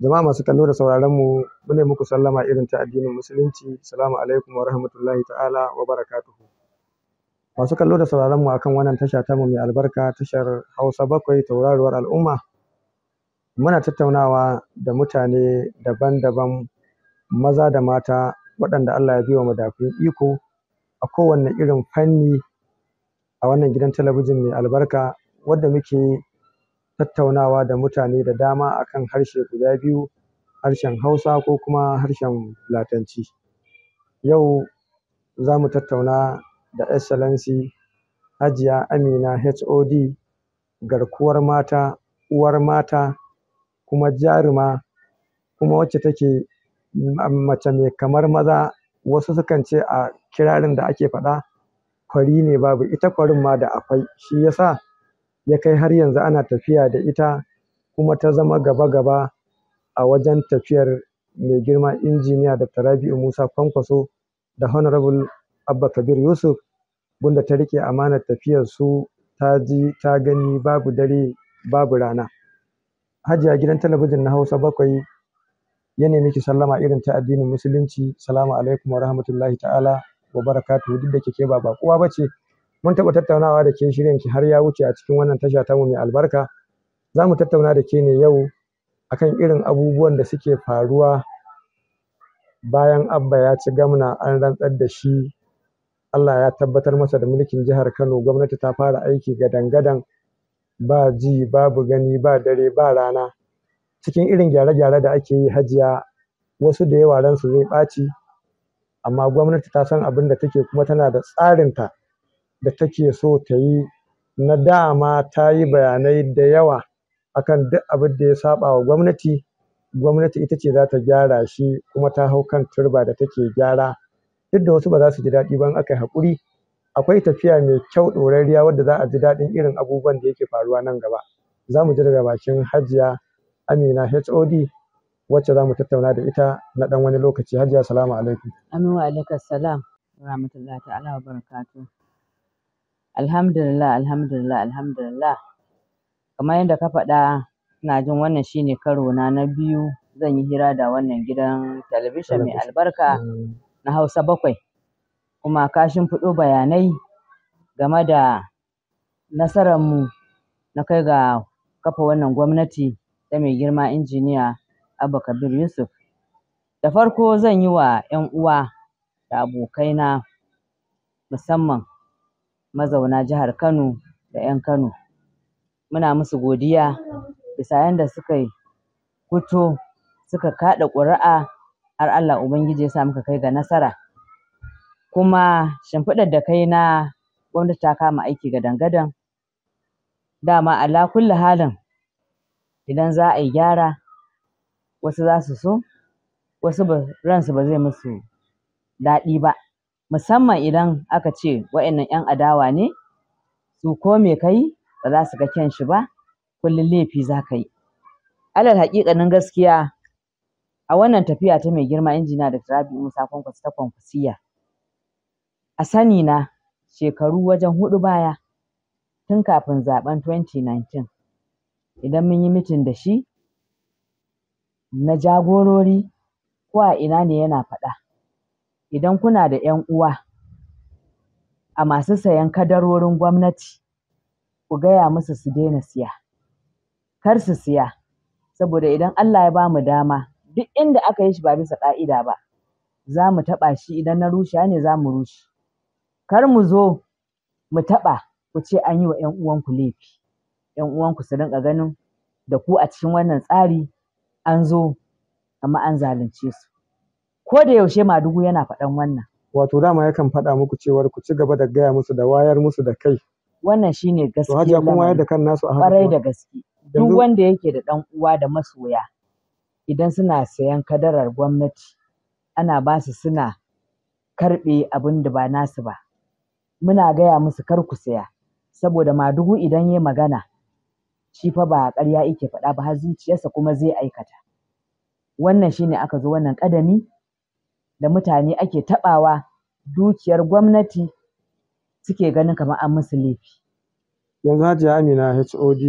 Jama'a masu kallo da sauraron mu mune muku sallama irin ta addinin musulunci. assalamu alaikum wa rahmatullahi ta'ala wa barakatuhu. Masu kallo da sauraron mu akan wannan tasha ta mu mai albarka tashar Hausa bakwai tauraruwar al'umma. Muna tattaunawa da mutane daban-daban maza da mata waɗanda Allah ya mu madafun iko a kowanne irin fanni a wannan gidan talabijin mai albarka wadda muke tattaunawa da mutane da dama akan harshe guda biyu harshen Hausa ko kuma harshen Fulatanci. Yau za mu tattauna da Excellency Hajiya Amina HOD garkuwar mata, uwar mata, kuma jaruma, kuma wacce take mace mai kamar maza wasu sukan ce a kirarin da ake faɗa kwari ne babu, ita kwarin ma da akwai, shi ya sa ya kai har yanzu ana tafiya da ita kuma ta zama gaba-gaba a wajen tafiyar mai girma injiniya Dr. Rabi'u Musa Kwankwaso da Honorable Abba Kabir Yusuf wanda ta riƙe amanar tafiyar su ta ji ta gani babu dare babu rana. Hajiya gidan talabijin na Hausa bakwai ya nemi ki sallama irin ta addinin musulunci salamu alaikum wa rahmatullahi ta'ala wa barakatuhu duk da kike ba ba kowa bace mun taɓa tattaunawa da ke shirin ki har ya wuce a cikin wannan tasha tamu mai albarka za mu tattauna da ke ne yau akan irin abubuwan da suke faruwa bayan abba ya ci gamna an rantsar da shi Allah ya tabbatar masa da mulkin jihar Kano gwamnati ta fara aiki gadan-gadan ba ji babu gani ba dare ba rana cikin irin gyare-gyare da ake yi hajiya wasu da yawa ransu zai ɓaci amma gwamnati ta san abin da take kuma tana da tsarinta da take so ta yi na dama ta yi bayanai da yawa akan duk abin da ya saɓa wa gwamnati gwamnati ita ce za ta gyara shi kuma ta hau kan turba da take gyara duk da wasu ba za su ji daɗi ban aka yi haƙuri akwai tafiya mai kyau ɗorarriya wadda za a ji daɗin irin abubuwan da yake faruwa nan gaba za mu ji daga bakin hajiya amina hod wacce za mu tattauna da ita na ɗan wani lokaci hajiya salamu alaikum wa alaikum salam rahmatullahi ta'ala wa barakatuh Alhamdulillah Alhamdulillah Alhamdulillah kamar yadda ka faɗa ina jin wannan shi ne karo na na biyu zan yi hira da wannan gidan talabijin mai albarka mm. na Hausa bakwai kuma ka shimfiɗo bayanai game da nasararmu na kai ga kafa wannan gwamnati ta mai girma injiniya Abba Kabir Yusuf. Da farko zan yi wa 'yan uwa da abokaina musamman mazauna jihar Kano da ƴan Kano muna musu godiya bisa yanda sukai fito suka kaɗa ƙuri'a har Allah ubangiji yasa muka kai ga nasara kuma shimfiɗar da kai na gwamnati ta kama aiki gadan-gadan dama ala kulli halin idan za ai gyara wasu zasu so wasu ba ransu ba zai musu daɗi ba. musamman idan aka ce wa'innan ‘yan adawa ne su ko me ka ba za su ga kyan shi ba kullum laifi za ka yi. Alal haƙiƙanin gaskiya a wannan tafiya ta mai girma injina da Rabi Musa Kwankwaso ta Kwankwasiya a sani na shekaru wajen huɗu baya tun kafin zaɓen 2019 idan mun yi mitin da shi na jagorori ko a ina ne yana faɗa idan kuna da ‘yan uwa a masu sayan kadarorin gwamnati, ku gaya musu su daina siya. Kar su siya, saboda idan Allah ya ba mu dama, duk inda aka yi shi ba bisa ƙa'ida ba, za mu taɓa shi idan na rusha ne za mu rushe. Kar mu zo mu taɓa ku ce an yi wa ‘yan uwanku laifi, ‘yan uwanku su rinƙa ganin da ku a cikin wannan tsari an zo amma an zalunce su. ko da yaushe madugu yana faɗan wannan wato dama yakan faɗa muku cewar ku ci gaba da gaya musu da wayar musu da kai wannan shine gaskiya wayar da kan nasu a da gaske duk wanda yake da ɗan uwa da masoya idan suna sayan kadarar gwamnati ana ba su suna karɓe abin da ba nasu ba muna gaya musu kar ku saya saboda madugu idan ya magana shi fa ba ƙarya yake faɗa ba har zuciyarsa kuma zai aikata wannan shine aka zo wannan ƙadami da mutane ake taɓawa dukiyar gwamnati suke ganin kamar an musu laifi. Yanzu Hajiya Amina HOD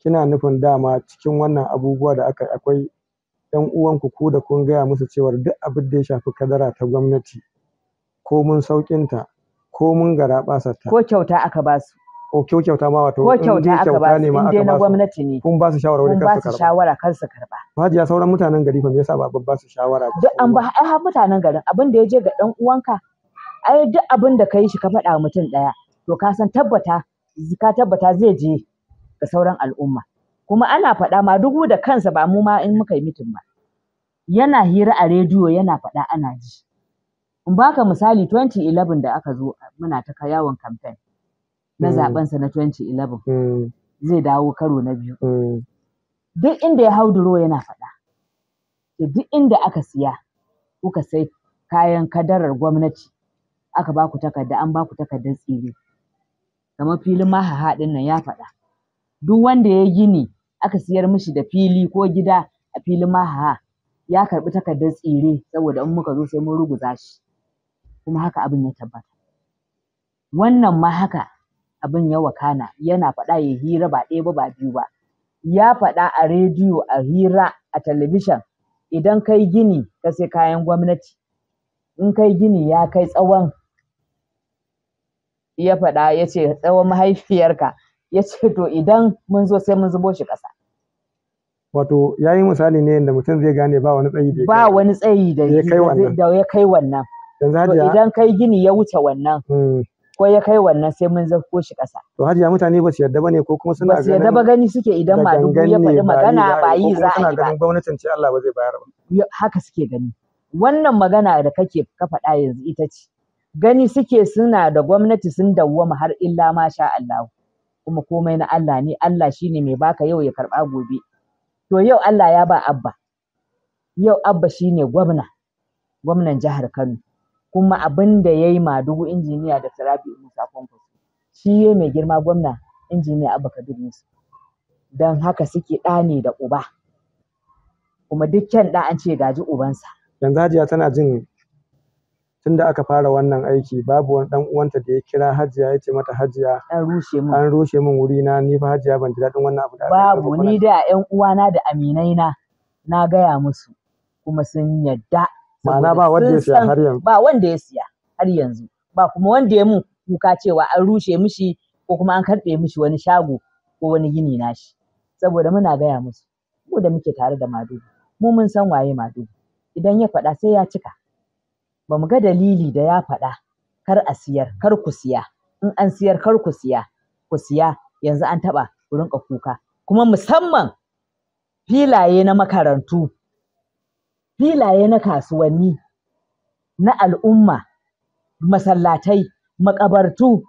kina nufin dama cikin wannan abubuwa da aka akwai ‘yan uwanku ku da kun gaya musu cewar duk abin da ya shafi kadara ta gwamnati ko mun sauƙinta ko mun garaɓasarta. Ko kyauta aka ba su. ko kyauta ma wato ko kyauta aka ba su inda na gwamnati ne kun ba su shawara, wani su karba kun ba su shawara kansu karba hajiya sauran mutanen gari fa me yasa ba ba su shawara ba duk an ba ai har mutanen garin abin da ya je ga dan uwanka ai duk abin da kai shi ka faɗa mutum ɗaya to ka san tabbata ka tabbata zai je ga sauran al'umma kuma ana faɗa ma duk da kansa ba mu ma in muka yi mitin ba yana hira a rediyo yana faɗa ana ji in baka misali 2011 da aka zo muna ta yawon campaign na hmm. zabensa na 2011 hmm. zai dawo karo na biyu hmm. duk inda ya hau duro yana faɗa da duk inda aka siya kuka sai kayan kadarar gwamnati aka baku takarda an baku takardar tsiri. kamar filin mahaha ɗin nan ya faɗa duk wanda ya gini aka siyar mishi da fili ko gida a filin mahaha ya karɓi takardar tsire saboda in muka zo sai mun ruguza shi kuma haka abin ya tabbata wannan ma haka abin ya wakana yana faɗa ya hira ba ɗaya ba ba biyu ba ya faɗa a rediyo a hira a talabishin idan kai gini ka sai kayan gwamnati in kai gini ya kai tsawon ya faɗa ya ce tsawon mahaifiyarka ya ce to idan mun zo sai mun zubo shi ƙasa wato ya yi misali ne yadda mutum zai gane ba wani tsayi da ba wani tsayi da ya kai wannan yanzu idan kai gini ya wuce wannan hmm. ko ya kai wannan sai mun zafko shi ƙasa. To hajiya mutane ba su yarda bane ko kuma suna ganin ba su yarda ba gani suke idan ma duk ya faɗi magana ba yi za a yi ba. Suna ganin gwamnatin ce Allah ba zai bayar ba. Haka suke gani. Wannan magana da kake ka faɗa yanzu ita ce. Gani suke suna da gwamnati sun dawwama har illa ma sha Allah. Kuma komai na Allah ne Allah shine mai baka yau ya karɓa gobe. To yau Allah ya ba Abba. Yau Abba shine gwamna. Gwamnan jihar Kano. kuma abin da ya yi madugu injiniya da sarabi musa kwankwaso shi ya mai girma gwamna injiniya abba kabir yusuf don haka suke ɗa ne da uba kuma dukkan ɗa an ce gaji ubansa yanzu hajiya tana jin tun da aka fara wannan aiki babu wani ɗan uwanta da ya kira hajiya ya ce mata hajiya an rushe min an rushe mun wuri na ni fa hajiya ban ji daɗin wannan abu da babu ni da ƴan uwana da aminai na na gaya musu kuma sun yadda ma'ana ba wanda ya siya har yanzu ba wanda ya siya har yanzu ba kuma wanda ya mun kuka cewa an rushe mishi ko kuma an karɓe mishi wani shago ko wani gini nashi saboda muna gaya musu mu da muke tare da Madubi, mu mun san waye Madubi. idan ya faɗa sai ya cika ba mu ga dalili da ya faɗa kar a siyar kar ku siya in an siyar kar ku siya ku siya yanzu an taɓa ku rinƙa kuka kuma musamman filaye na makarantu filaye na kasuwanni na al'umma masallatai makabartu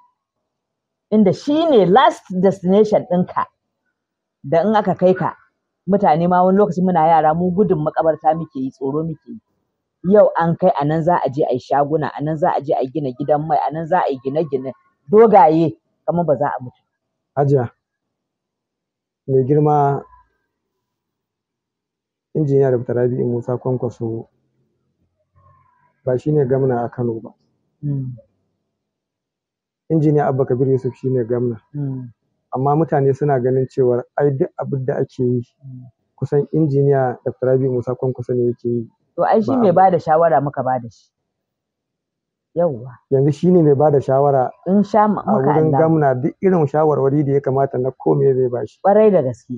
inda shi ne last destination ɗinka da in aka kai ka mutane ma wani lokaci muna yara mu gudun makabarta muke yi tsoro muke yi yau an kai a nan za a je a yi shaguna a nan za a je a gina gidan mai a nan za a yi gine-gine dogaye kamar ba za a mutu hajiya mai girma Injiniya Dr. Rabi'u Musa Kwankwaso ba shi ne gamna a Kano ba. Hmm. Injiniya Abba Kabir Yusuf shi ne gamna. Hmm. Amma mutane suna ganin cewar ai duk abin da ake yi hmm. kusan injiniya Dr. Rabi'u Musa Kwankwaso ne yake yi. To ai shi mai bada shawara muka bada shi. yauwa yanzu shine mai bada shawara in sha a wurin gamna duk irin shawarwari da ya kamata na kome zai bashi kwarai da gaske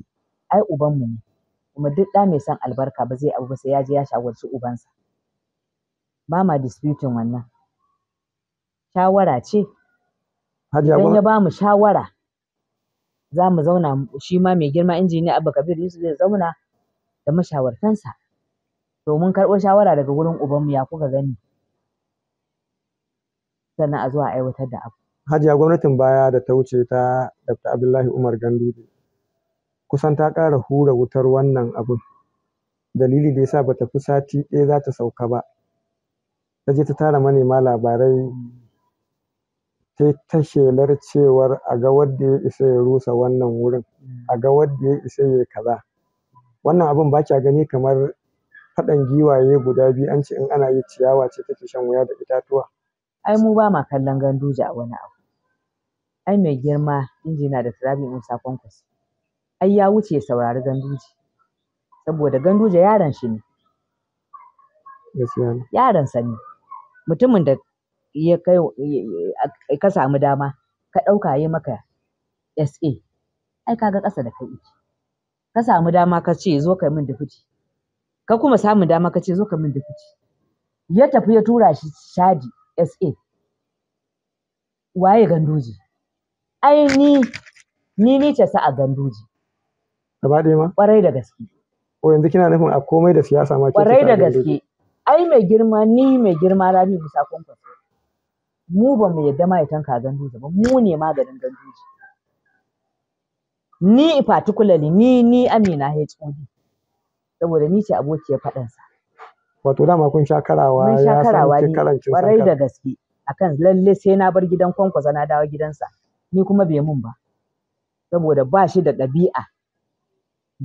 ai ubanmu ne kuma duk ɗa mai son albarka ba zai abu ba sai ya je ya shawarci ubansa ba ma disputin wannan shawara ce idan ya ba mu shawara za mu zauna shi ma mai girma injiniya abba kabir yusuf zai zauna da mashawartansa domin karɓo shawara daga wurin ubanmu ya kuka gani sannan a zuwa aiwatar da abu hajiya gwamnatin baya da ta wuce ta dr abdullahi umar ganduje kusan ta ƙara hura wutar wannan abun dalili da yasa bata fi sati ɗaya za ta sauka ba ta je ta tara manema labarai ta ta shelar cewar a ga wanda ya isa ya rusa wannan wurin a ga wanda ya isa ya kaza wannan abun ba kya gani kamar faɗan giwaye guda biyu an ce in ana yi ciyawa ce take shan wuya da itatuwa ai mu ba kallon ganduje a wani abu ai mai girma injina da Sirabi Musa Kwankwaso har ya wuce ya saurari ganduje saboda ganduje yaron shi ne yaron sa ne mutumin da ya kai ka samu dama ka ɗauka ya maka sa ai kaga ƙasa da kai ka samu dama ka ce zo ka min dufuci ka kuma samu dama ka ce zo ka min dufuci ya tafi ya tura shi shadi sa waye ganduji ai ni ni ni ce sa a ganduji Gaba ɗaya ma? Ƙwarai da gaske. Ko yanzu kina nufin a komai da siyasa ma ke Ƙwarai da gaske. Ai mai girma ni mai girma Rabi Musa Kwankwaso. Mu ba mu yadda mahaitan kagan ganduje ba, mu ne maganin ganduje. Ni particularly ni ni Amina HOD. Saboda ni ce abokiyar faɗansa. Wato dama kun sha karawa ya san karancin Ƙwarai da gaske. Akan lalle sai na bar gidan kwankwasa na dawo gidansa. Ni kuma bai mun ba. Saboda ba shi da ɗabi'a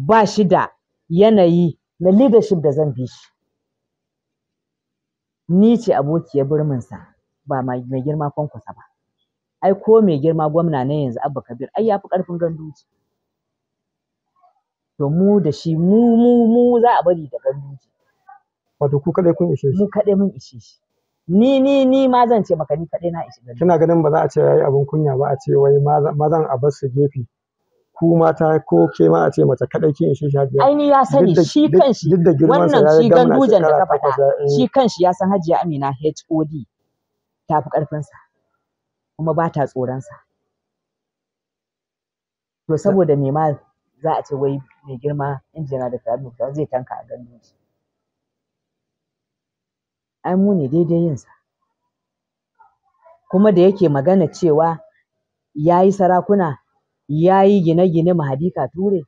ba shi da yanayi na leadership da zan bi shi ni ce abokiyar birminsa ba mai girma kwankwasa ba ai ko mai girma gwamna na yanzu abba kabir ai ya fi ƙarfin ganduji. to mu da shi mu mu mu za a bari da ganduji. wato ku kaɗai kun ishe shi mu kaɗai mun ishe shi ni ni ni ma zan ce maka ni kaɗai, na ishe ganduje kina ganin ba za a ce yayi abun kunya ba a ce wai ma zan a bar su gefe ku mata ko ke ma a ce mace kadai kin shi shafi ai ni ya sani shi kanshi wannan shi gandujan da ka faɗa eh. shi kanshi ya san Hajiya Amina HOD ta fi karfin sa kuma ba ta tsoronsa. sa to saboda me ma za a ce wai mai girma injina da da zai tanka a ganduji ai mu ne daidai yin sa kuma da yake magana cewa ya yi sarakuna ya yi gine-gine mahadi ka ture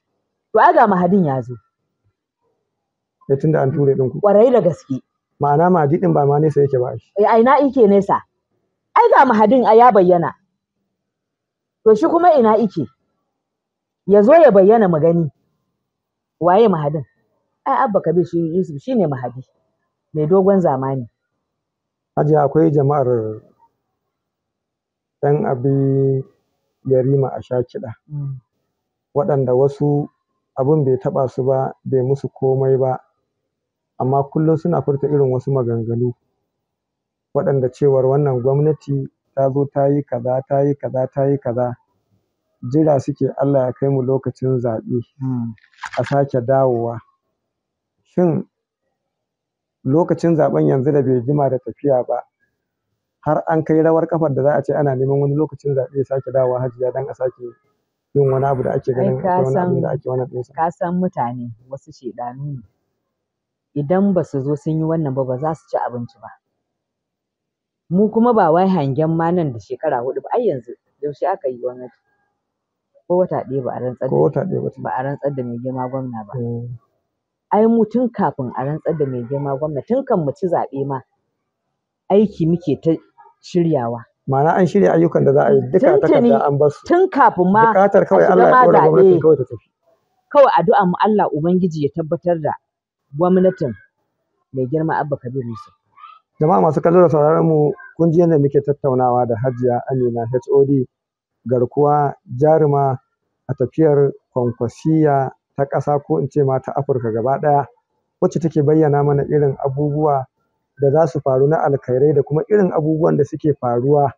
to ai ga mahadin ya zo da tunda an ture ɗinku ƙwarai da gaske ma'ana mahadi ɗin ba ma nesa yake ba shi ai eh, na ike nesa ai ga mahadin a ya bayyana to shi kuma ina ike ya zo ya bayyana mu gani waye mahadin ai abba bi shi yusuf shine mahadi mai dogon zamani Hajiya akwai jama'ar ɗan abi yarima a sha kiɗa mm. waɗanda wasu abin bai taɓa su ba bai musu komai ba amma kullum suna furta irin wasu maganganu waɗanda cewar wannan gwamnati ta zo ta yi kaza ta yi kaza ta yi kaza jira suke Allah ya kai mu lokacin zaɓe mm. a sake dawowa shin lokacin zaɓen yanzu da bai jima da tafiya ba har an kai rawar kafar da za a ce ana neman wani lokacin zaɓe ya sake dawowa hajiya don a sake yin wani abu da ake ganin wani abu da ake wani ɗinsa. Ka san mutane wasu shaidanu ne idan ba su zo sun yi wannan ba ba za su ci abinci ba. Mu kuma ba wai hangen ma nan da shekara hudu ba ai yanzu yaushe aka yi wani ko wata ɗaya ba a rantsar da wata ɗaya ba a rantsar da mai girma gwamna ba. Eh. Ai mu tun kafin a rantsar da mai girma gwamna tun kan mu ci zaɓe ma aiki muke ta shiryawa ma'ana an shirya ayyukan da za a yi duka takarda an basu su tun kafin ma bukatar kawai Allah ya kora gwamnatin kawai ta tafi addu'a mu Allah ubangiji ya tabbatar da gwamnatin mai girma Abba Kabir Musa. jama'a masu kallo da sauraron mu kun ji yadda muke tattaunawa da Hajiya Amina HOD garkuwa jaruma a tafiyar kwankwasiya ta ƙasa ko in ce ma ta Afirka gaba ɗaya wacce take bayyana mana irin abubuwa da za su faru na alkhairai da kuma irin abubuwan da suke faruwa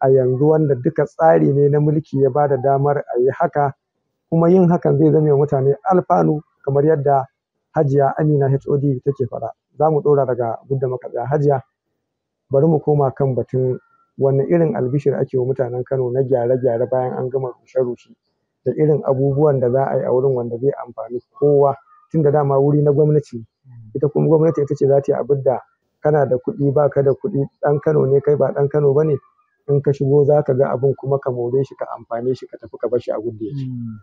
a yanzu wanda duka tsari ne na mulki ya ba da damar a yi haka kuma yin hakan zai zame mutane alfanu kamar yadda hajiya amina hod take faɗa za mu ɗora daga gudda makaɗa hajiya bari mu koma kan batun wanne irin albishir ake wa mutanen kano na gyare-gyare bayan an gama rushe-rushe da irin abubuwan da za a yi a wurin wanda zai amfani kowa tun da dama wuri na gwamnati ita kuma gwamnati ita ce za ta yi abin da kana da kuɗi ba ka da kuɗi ɗan kano ne kai ba ɗan kano ba ne in ka shigo za ka ga abin kuma ka more shi ka amfane shi ka tafi ka bar shi a gudu ya hmm.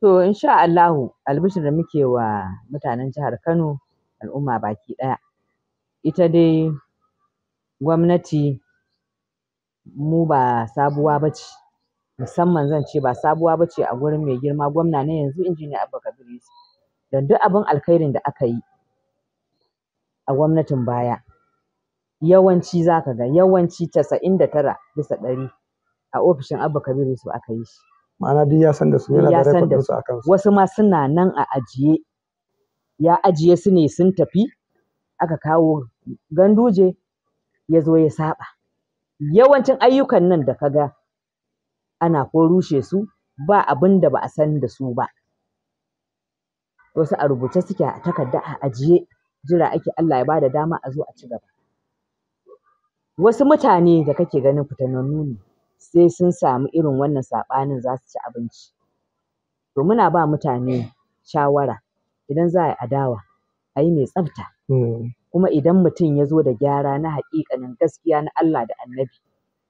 To insha Allahu albishir da muke wa mutanen jihar Kano al'umma baki ɗaya ita dai gwamnati mu ba sabuwa ba ce musamman zan ce ba sabuwa ba ce a gurin mai girma gwamna na yanzu injiniya abba kabir yusuf duk abin alkhairin da aka yi a gwamnatin baya yawanci za ka ga yawanci casa'in da tara bisa ɗari a ofishin Abba Kabir Yusuf aka yi shi. Ma'ana duk ya san da su yana da rekod su akan su. Wasu ma suna nan a ajiye ya ajiye su ne sun tafi aka kawo ganduje ya zo ya saba. Yawancin ayyukan nan da ka ga ana ko rushe su ba abin da ba a san da su ba. Wasu a rubuce suke a takarda a ajiye jira ake Allah ya bada dama a zo a ci gaba wasu mutane da kake ganin fitanannu ne sai sun samu irin wannan saɓanin za su ci abinci to muna ba mutane shawara idan za a yi adawa a yi mai tsafta hmm. kuma idan mutum ya zo da gyara na haƙiƙanin gaskiya na Allah da annabi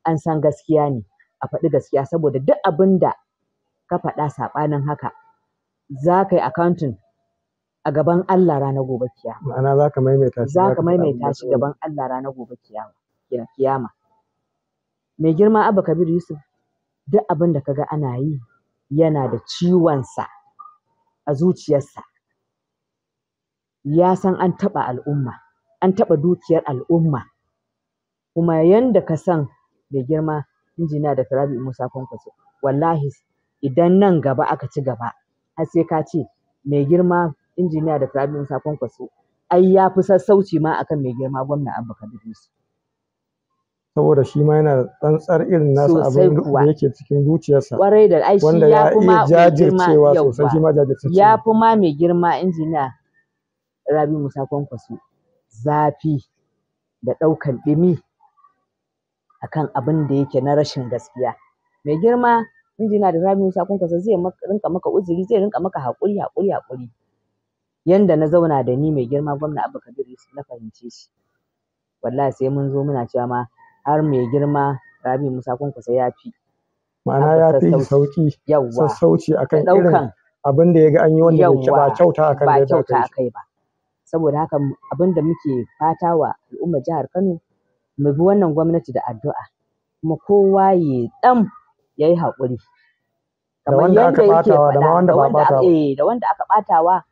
an san gaskiya ne a faɗi gaskiya saboda duk abin da ka faɗa saɓanin haka za ka yi accounting a gaban Allah ranar gobe kiyama ma'ana ka maimaita shi Za ka maimaita shi gaban Allah ranar gobe kiyama kiyama mai girma Abba Kabir Yusuf duk abin da ka ga ana yi yana da ciwonsa a zuciyarsa ya san an taɓa al'umma an taɓa dukiyar al'umma kuma yanda ka san mai girma injiniya da Rabi Musa Kwankwaso wallahi idan nan gaba aka ci gaba har sai ka ce mai girma injiniya da firamin Musa Kwankwaso ai ya fi sassauci ma akan mai girma gwamna Abba Kabir Yusuf. Saboda shi ma yana tsantsar irin nasa abin da yake cikin zuciyarsa. Kwarai da ai shi ya fi ma jajircewa sosai shi ma jajircewa. Ya fi ma mai girma injiniya Rabi Musa Kwankwaso zafi da ɗaukan ɗimi akan abin da yake na rashin gaskiya. Mai girma injiniya da Rabi Musa Kwankwaso zai rinka maka uzuri zai rinka maka haƙuri haƙuri haƙuri. yanda na zauna da ni mai girma gwamna Abba Kabir Yusuf na fahimce shi wallahi sai mun zo muna cewa ma har mai girma Rabi Musa Kwankwasa ya fi ma'ana ya fi sauki sassauci akan irin abin da ya ga an yi wanda bai ba kyauta akan ba kyauta akai ba saboda haka abin da muke fata wa al'ummar jihar Kano mu bi wannan gwamnati da addu'a kuma kowa ya dan yayi haƙuri kamar yadda yake faɗa eh, da wanda aka wa?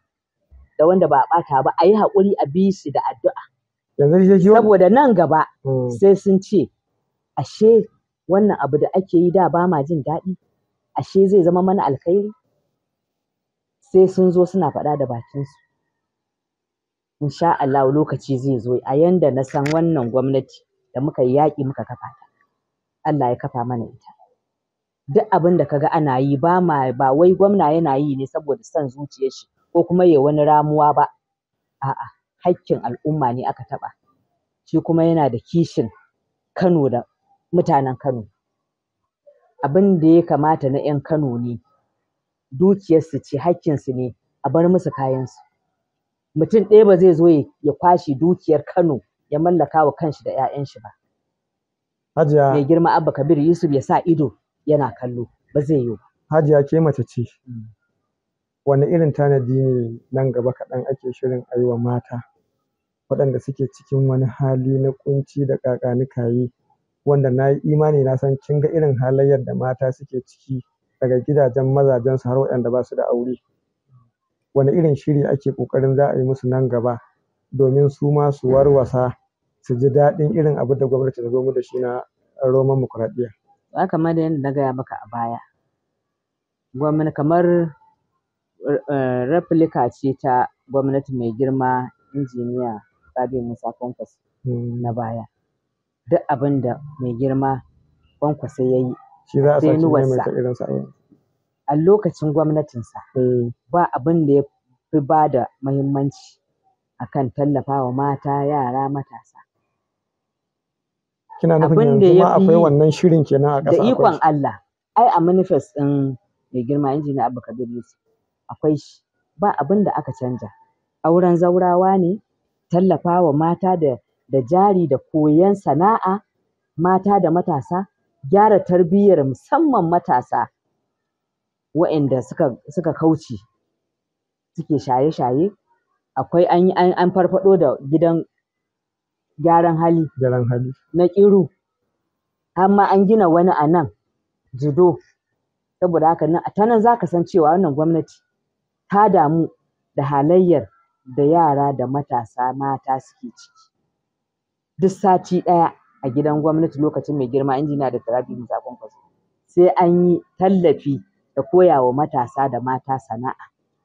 da wanda ba a ɓata ba a yi haƙuri a bi su da addu'a. Saboda nan gaba hmm. sai sun ce ashe wannan abu da ake yi da ba ma jin daɗi ashe zai zama mana alkhairi sai sun zo suna faɗa da bakinsu. Insha Allah lokaci zai zo a yanda na san wannan gwamnati da muka yi yaƙi muka kafa ta. Allah ya kafa mana ita. Duk abin da kaga ana yi ba ma ba wai gwamna yana yi ne saboda son zuciyar shi ko kuma ya wani ramuwa ba a'a haƙƙin al'umma ne aka taɓa shi kuma yana da kishin Kano da mutanen Kano abin da ya kamata na 'yan Kano ne dukiyarsu ce haƙƙinsu ne a bar musu kayansu mutum ɗaya ba zai zo ya kwashe dukiyar Kano ya mallaka wa kanshi da 'ya'yanshi ba Hajiya mai girma Abba Kabir Yusuf ya sa ido yana kallo ba zai yiwu Hajiya ke mace ce mm. Wani irin tanadi ne nan gaba kaɗan ake shirin a yi wa mata waɗanda suke cikin wani hali na ƙunci da ƙaƙanikayi wanda na yi imani na san kin ga irin halayyar da mata suke ciki daga gidajen mazajensu har waɗanda ba su da aure Wani irin shiri ake ƙoƙarin za a yi musu nan gaba domin su ma su warwasa su ji daɗin irin abin da gwamnati ta zo mu da shi na roman dimokuraɗiyya. kamar da yadda na gaya maka a baya, gwamnati kamar Eh, replica ce ta gwamnati mai girma injiniya Rabi'u Musa Kwankwaso hmm. na baya. Duk abin da mai girma Kwankwaso ya yi sai nuwarsa. A lokacin gwamnatinsa hmm. ba abin da ya fi ba da muhimmanci akan wa mata, yara, matasa. Kina nufin yanzu ma akwai wannan shirin kenan a ƙasa Da ikon Allah, ai a manifest ɗin mai girma injiniya Abba Kabir Yusuf akwai shi ba abin da aka canza. Auren zaurawa ne, tallafa wa mata da, jari da koyon sana'a, mata da matasa, gyara tarbiyyar musamman matasa waɗanda suka, kauce suke shaye-shaye. Akwai an farfaɗo da gidan gyaran hali. Gyaran hali. Na Kiru. Har ma an gina wani a nan Jido. Saboda haka nan, ta nan za ka san cewa wannan gwamnati ta damu da halayyar da yara da matasa mata suke ciki duk sati ɗaya a gidan gwamnati lokacin mai girma na da Rabi'u Musa Kwankwaso sai an yi tallafi da koya wa matasa da mata sana'a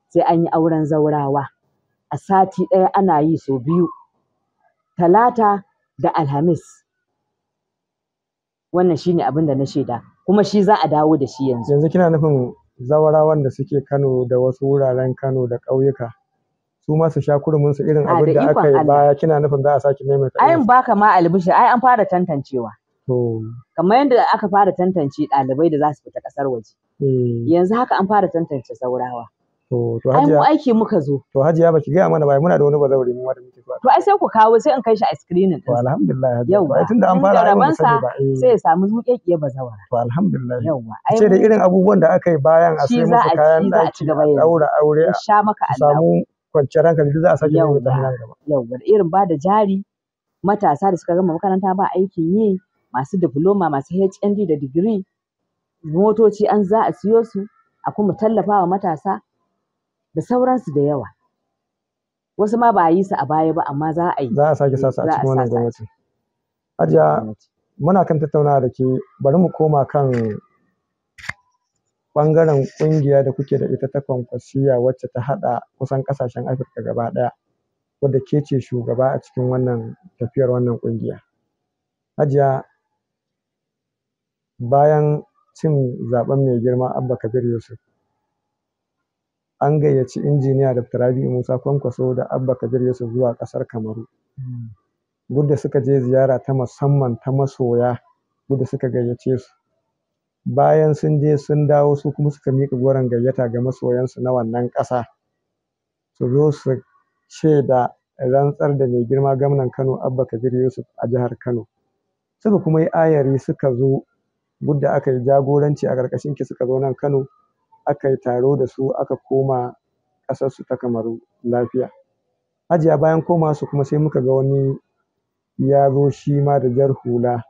sai an yi auren zaurawa a sati ɗaya ana yi sau biyu talata da alhamis wannan shi ne abin da na shaida kuma shi za a dawo da shi yanzu yanzu kina nufin zawarawan da suke Kano da wasu wuraren Kano da ƙauyuka su ma su sha kurumin su irin ah, abin da aka yi baya kina nufin za a sake maimaita ayin baka ma albishi ai an fara tantancewa kamar yadda aka fara tantance ɗalibai da za su fita ƙasar waje eh. yanzu haka an fara tantance saurawa To to hajiya. Ai aiki muka zo. To hajiya baki gaya mana bai muna da wani bazauri mu wanda muke To ai sai ku kawo sai in kai shi a screening din. To alhamdulillah hajiya. Yau ai tunda an fara ai mun sani ba. Eh. Sai ya samu zuƙeƙiye bazawara. To alhamdulillah. Yauwa. Ai sai da irin abubuwan da aka yi bayan a sai musu kayan daki a daura aure a sha maka Allah. Samu kwanciyar hankali duk za a sake yin ta nan gaba. Yauwa irin ba da jari matasa da suka gama makaranta ba aikin yi masu diploma masu HND da digiri motoci an za a siyo su a kuma tallafa wa matasa da sauransu da yawa wasu ma ba a yi su a baya ba amma za a yi za a sake sasa a cikin wannan gwamnati hajiya muna kan tattaunawa da ke bari mu koma kan ɓangaren ƙungiya da kuke da ita ta kwankwasiya wacce ta haɗa kusan ƙasashen afirka gaba ɗaya wadda ke ce shugaba a cikin wannan tafiyar wannan ƙungiya hajiya bayan cin zaɓen mai girma abba kabir yusuf An gayyaci Injiniya Dr. Rabi'u Musa Kwankwaso da Abba Kabir Yusuf zuwa ƙasar Kamaru. Gudda hmm. suka je ziyara ta musamman ta masoya gudda suka gayyace su. Bayan sun je sun dawo su kuma suka miƙa goron gayyata ga masoyansu na wannan ƙasa. Su zo su ce da rantsar da mai girma gwamnan Kano Abba Kabir Yusuf a jihar Kano. Suka kuma yi ayari suka zo gudda aka yi jagoranci a ƙarƙashin ki suka zo nan Kano aka yi taro da su aka koma ƙasarsu ta Kamaru lafiya. Hajiya bayan su kuma sai muka ga wani ya zo shi ma da jar hula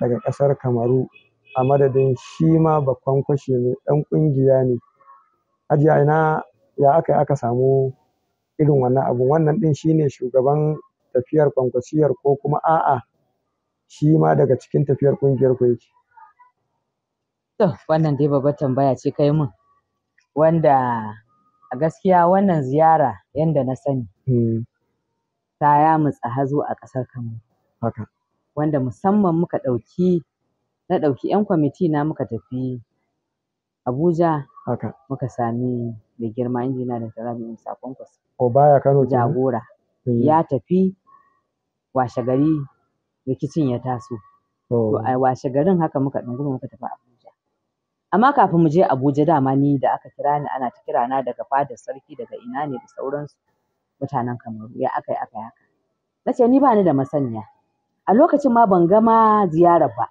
daga ƙasar Kamaru a madadin shi ma bakankwashe ne ɗan ƙungiya ne. Hajiya ina ya aka aka samu irin wannan abun wannan ɗin shi ne shugaban tafiyar kwankwasiyar ko kuma a'a shi ma daga cikin tafiyar ƙungiyar ku yake? To wannan dai babbar tambaya ce kai mun wanda a gaskiya wannan ziyara yanda na sani hmm. ta ta yamutsa hazo a ƙasar Kamaru. Haka. Wanda musamman muka ɗauki na ɗauki 'yan kwamiti na muka tafi Abuja Haka. muka sami mai girma injiniya da Rabi Musa Kwankwaso O oh, baya Kano kenan? jagora. Hmm. Ya tafi washe gari rikicin ya taso. Oh. To a washe garin haka muka ɗunguma muka tafi amma kafin mu je Abuja dama ni da aka kira ni ana ta kira na daga fadar sarki daga ina ne da sauransu mutanen Kamaru ya aka yi aka yi haka na ce ni ba ni da masaniya a lokacin ma ban gama ziyarar ba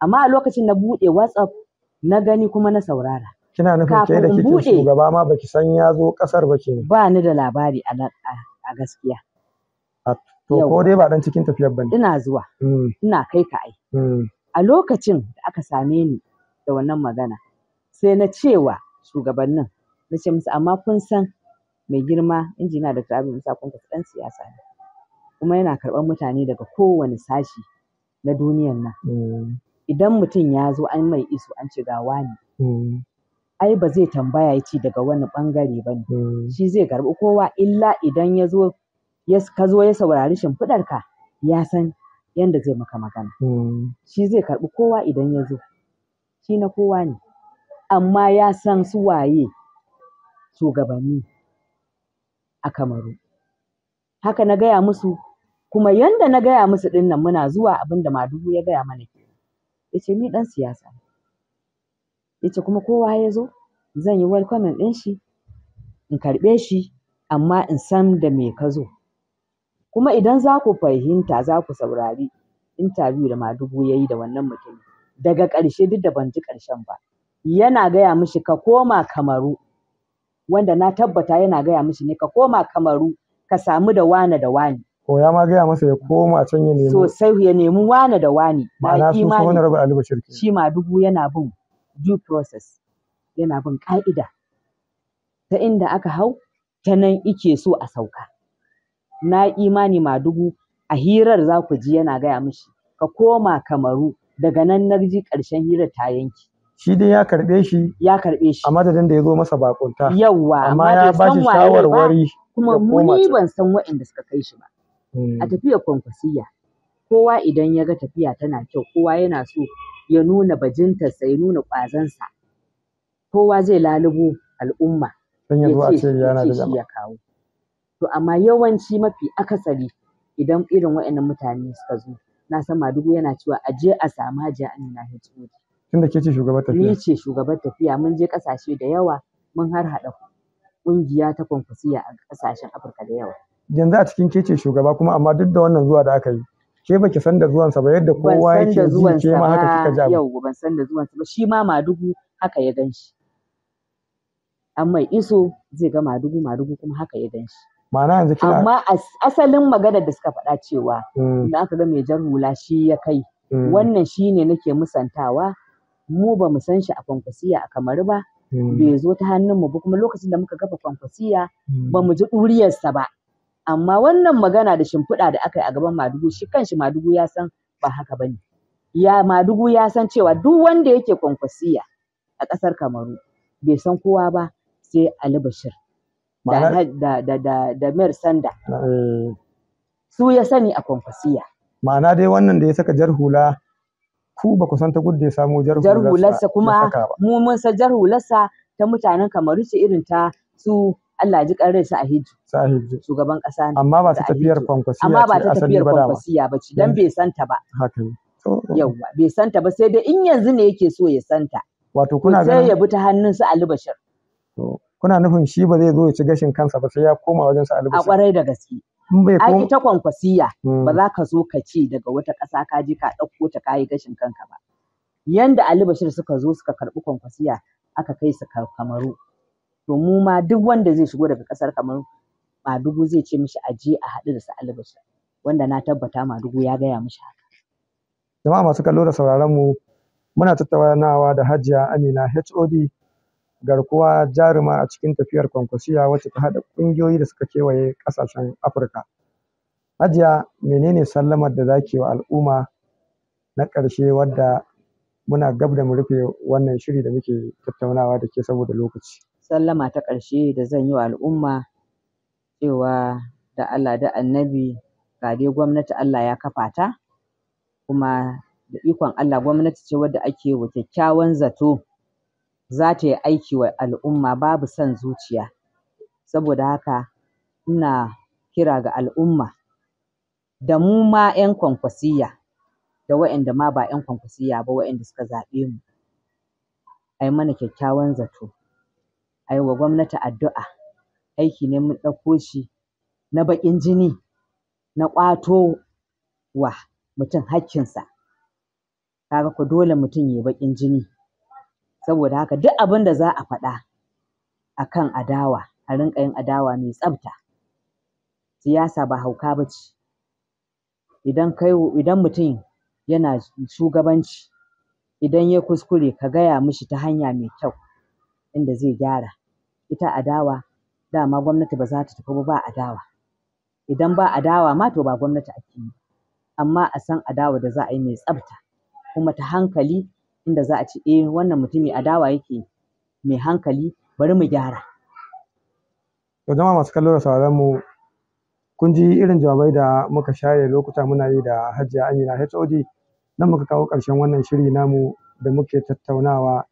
amma a lokacin na buɗe WhatsApp na gani kuma na saurara kina nufin ke da kike shugaba ma baki san ya zo kasar ba ke ba ni da labari a gaskiya to ko dai ba dan cikin tafiyar bane ina zuwa hmm. ina kai ka ai hmm. a lokacin da aka same ni da wannan magana sai na cewa shugabannin na ce musu amma kun san mai girma injiniya da Abba Musa Kwankwaso ɗan siyasa ne kuma yana karɓar mutane daga kowane sashi na duniyan nan mm. idan mutum ya zo an mai iso an ce ga wani mm. ai ba zai tambaya ya ce daga wani bangare ba ne mm. shi zai karɓi kowa illa idan ya zo ka zo ya saurari shimfiɗarka ya san yanda zai maka magana shi zai karɓi kowa idan ya zo shi na kowa ne. Amma ya san su waye shugabanni a Kamaru. Haka na gaya musu kuma yanda na gaya musu ɗin nan muna zuwa abinda da ya gaya mana kenan. Ya ce ni ɗan siyasa ne. Ya ce kuma kowa ya zo zan yi welcoming ɗin shi, in karɓe shi amma in san da me ka zo. Kuma idan za ku fahimta za ku saurari interview da Madugu ya yi da wannan mutumin. daga ƙarshe duk da ban ji ƙarshen ba yana gaya mishi ka koma kamaru wanda na tabbata yana gaya mishi ne ka koma kamaru ka samu da wane da wane ko ya ma gaya masa ya koma can ya nemi sosai ya nemi wane da wane ma'ana su kuma wani rabar alibu shirki shi ma dubu yana bin due process yana bin ka'ida ta inda aka hau ta nan ike so a sauka na imani ma dubu a hirar za ku ji yana gaya mishi ka koma kamaru daga nan na ji ƙarshen hira ta yanki shi dai ya karɓe shi ya karɓe shi a madadin da ya zo masa bakunta Yawwa! amma ya ba shi shawarwari kuma muni ban san waɗanda suka kai shi ba hmm. a tafiyar kwankwasiyya kowa idan ya ga tafiya tana kyau kowa yana so ya nuna bajintarsa ya nuna ƙwazonsa kowa zai lalubo al'umma ya ce shi ya kawo to amma yawanci mafi akasari idan irin waɗannan mutane suka zo na san Madugu yana cewa a je a samu Hajiya Amina HOD. Tunda ke ce shugabar tafiya? Ni ce shugabar tafiya mun je ƙasashe da yawa mun har haɗa ƙungiya ta konfusiya a ƙasashen Afirka da yawa. Yanzu a cikin ke ce shugaba kuma amma duk da wannan zuwa da aka yi. Ke ba ki san da zuwansa ba yadda kowa yake ji ke ma haka kika ja. Yau ban san da zuwansa ba shi ma Madugu haka ya gan shi. Amma iso zai ga Madugu Madugu kuma haka ya gan shi. Ma'ana yanzu kina amma asalin magana da suka faɗa cewa mm. Na aka ga mai jar hula shi ya kai mm. wannan shi shine nake musantawa mu ba mu san shi a fankwasiya a kamaru ba mm. bai zo ta hannun mu ba kuma lokacin da muka kafa kwankwasiya ba mu ji ɗuriyarsa ba amma wannan magana da shimfiɗa da aka yi a gaban Madugu shi kanshi Madugu ya san ba haka bane ya Madugu ya san cewa duk wanda yake kwankwasiya a ƙasar Kamaru bai san kowa ba sai Ali Bashir. da da da da Mer Sanda eh, su ya sani a konfasiya ma'ana dai wannan da ya saka jar hula ku ba ku san ta gudu ya samu jar hularsa kuma mu mun san jar hularsa ta mutanen kamaru ce irin ta su Allah ji kan sa a hijju shugaban kasa amma ba ta tafiyar konfasiya amma ba ta tafiyar kwankwasiya ba ce dan eh, bai santa ba haka yawwa bai santa ba sai dai in yanzu ne yake so ya santa wato kuna ganin sai ya bi ta hannun su Ali Bashir kuna nufin shi ba zai zo ya ci gashin kansa ba sai ya koma wajen sa albusi a kwarai da gaske ai ita kwankwasiya hmm. ba za ka zo ka ce daga wata ƙasa ka je ka ɗauko ta kayi gashin kanka ba yanda Ali Bashir suka zo suka karɓi kwankwasiya aka kai su Kamaru to mu ma duk wanda zai shigo daga ƙasar Kamaru Madugu zai ce mishi a je a haɗu da su Ali Bashir wanda na tabbata Madugu ya gaya mishi haka jama'a masu kallo da sauraron mu muna tattaunawa da Hajiya Amina HOD garkuwa jaruma a cikin tafiyar Kwankwasiya wacce ta haɗa ƙungiyoyi da suka kewaye ƙasashen Afirka. Hajiya menene sallamar da zaki wa al'umma na ƙarshe wadda muna gab da mu rufe wannan shiri da muke tattaunawa da ke saboda lokaci. Sallama ta ƙarshe da zan yi wa al'umma cewa da Allah da annabi ga dai gwamnati Allah ya kafa ta kuma da ikon Allah gwamnati ce wadda ake wa kyakkyawan zato za ta yi aiki wa al'umma babu son zuciya saboda haka ina kira ga al'umma da mu ma 'yan kwankwasiyya da waɗanda ma ba 'yan kwankwasiyya ba waɗanda suka zaɓe mu a yi mana kyakkyawan zato a yi wa gwamnati addu'a aiki ne mun ɗauko shi na baƙin jini na ƙwato wa mutum haƙƙinsa ka ga ko dole mutum ya yi baƙin jini saboda haka duk abin da za a faɗa a kan adawa a rinƙa yin adawa mai tsafta siyasa ba hauka ba ce idan kai idan mutum yana shugabanci idan ya kuskure ka gaya mishi ta hanya mai kyau inda zai gyara ita adawa dama gwamnati ba za ta tafi ba ba adawa idan ba adawa ma to ba gwamnati ake yi amma a san adawa da za a yi mai tsafta kuma ta hankali inda za a ce eh wannan mutumi adawa yake mai hankali bari mu gyara to jama'a masu kallon da mu kun ji irin jawabai da muka share lokuta muna yi da hajiya amina hod nan muka kawo ƙarshen wannan shiri namu da muke tattaunawa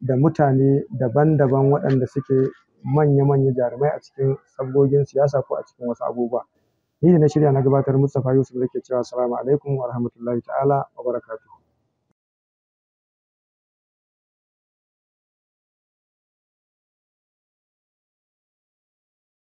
da mutane daban-daban waɗanda suke manya-manya jarumai a cikin sabgogin siyasa ko a cikin wasu abubuwa ni da na shirya na gabatar mustapha yusuf da ke cewa salamu alaikum wa ta'ala wa barakatuhu.